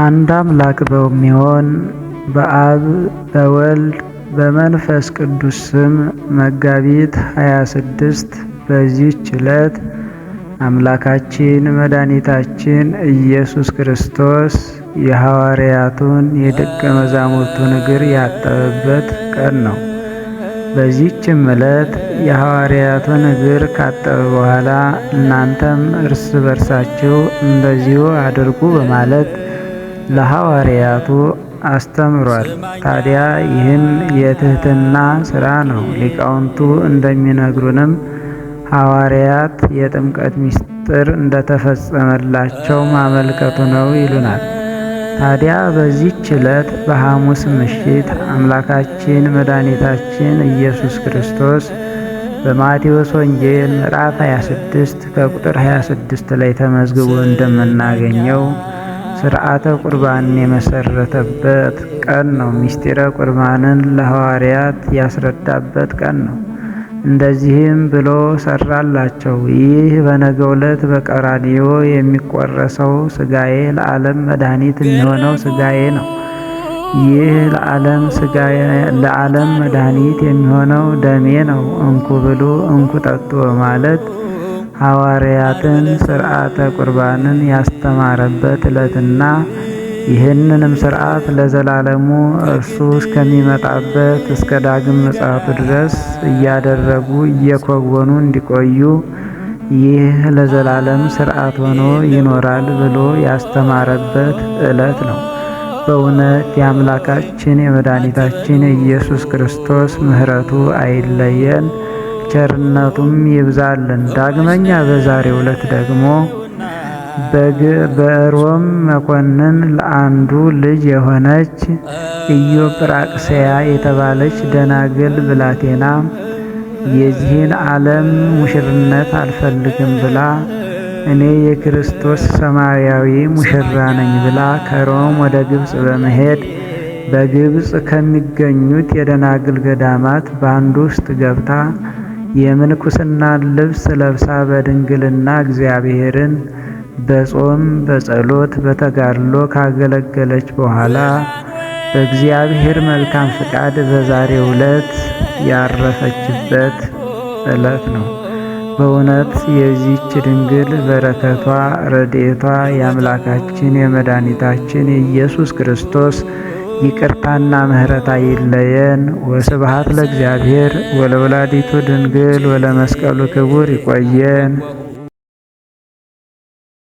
አንድ አምላክ በሚሆን በአብ በወልድ በመንፈስ ቅዱስ ስም መጋቢት 26 በዚህች ዕለት አምላካችን መድኃኒታችን ኢየሱስ ክርስቶስ የሐዋርያቱን የደቀ መዛሙርቱን እግር ያጠበበት ቀን ነው። በዚህችም ዕለት የሐዋርያቱን እግር ካጠበ በኋላ እናንተም እርስ በርሳችሁ እንደዚሁ አድርጉ በማለት ለሐዋርያቱ አስተምሯል። ታዲያ ይህም የትህትና ስራ ነው። ሊቃውንቱ እንደሚነግሩንም ሐዋርያት የጥምቀት ምስጢር እንደተፈጸመላቸው ማመልከቱ ነው ይሉናል። ታዲያ በዚህች ዕለት በሐሙስ ምሽት አምላካችን መድኃኒታችን ኢየሱስ ክርስቶስ በማቴዎስ ወንጌል ምዕራፍ 26 ከቁጥር 26 ላይ ተመዝግቦ እንደምናገኘው ስርዓተ ቁርባንን የመሰረተበት ቀን ነው። ምስጢረ ቁርባንን ለሐዋርያት ያስረዳበት ቀን ነው። እንደዚህም ብሎ ሰራላቸው። ይህ በነገ ዕለት በቀራንዮ የሚቆረሰው ስጋዬ ለዓለም መድኃኒት የሚሆነው ስጋዬ ነው። ይህ ለዓለም መድኃኒት የሚሆነው ደሜ ነው። እንኩ ብሉ፣ እንኩ ጠጡ ማለት ። ሐዋርያትን ስርዓተ ቁርባንን ያስተማረበት ዕለትና ይህንንም ስርዓት ለዘላለሙ እርሱ እስከሚመጣበት እስከ ዳግም ምጽአቱ ድረስ እያደረጉ እየኮወኑ እንዲቆዩ ይህ ለዘላለም ስርዓት ሆኖ ይኖራል ብሎ ያስተማረበት ዕለት ነው። በእውነት የአምላካችን የመድኃኒታችን የኢየሱስ ክርስቶስ ምሕረቱ አይለየን። ቸርነቱም ይብዛልን። ዳግመኛ በዛሬ ዕለት ደግሞ በሮም መኮንን ለአንዱ ልጅ የሆነች ኢዮጵራቅስያ የተባለች ደናግል ብላቴና የዚህን ዓለም ሙሽርነት አልፈልግም ብላ እኔ የክርስቶስ ሰማያዊ ሙሽራ ነኝ ብላ ከሮም ወደ ግብፅ በመሄድ በግብፅ ከሚገኙት የደናግል ገዳማት በአንዱ ውስጥ ገብታ የምንኩስና ልብስ ለብሳ በድንግልና እግዚአብሔርን በጾም በጸሎት በተጋድሎ ካገለገለች በኋላ በእግዚአብሔር መልካም ፍቃድ በዛሬው ዕለት ያረፈችበት ዕለት ነው። በእውነት የዚች ድንግል በረከቷ፣ ረድኤቷ የአምላካችን የመድኃኒታችን የኢየሱስ ክርስቶስ ይቅርታና ምሕረት አይለየን። ወስብሐት ለእግዚአብሔር ወለወላዲቱ ድንግል ወለመስቀሉ ክቡር ይቆየን።